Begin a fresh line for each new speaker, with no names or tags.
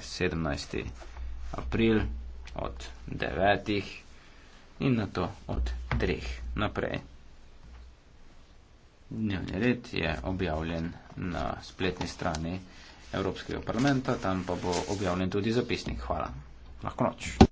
17. april od 9. in na to od 3. naprej. Dnevni red je objavljen na spletni strani Evropskega parlamenta, tam pa bo objavljen tudi zapisnik. Hvala. Lahko noč.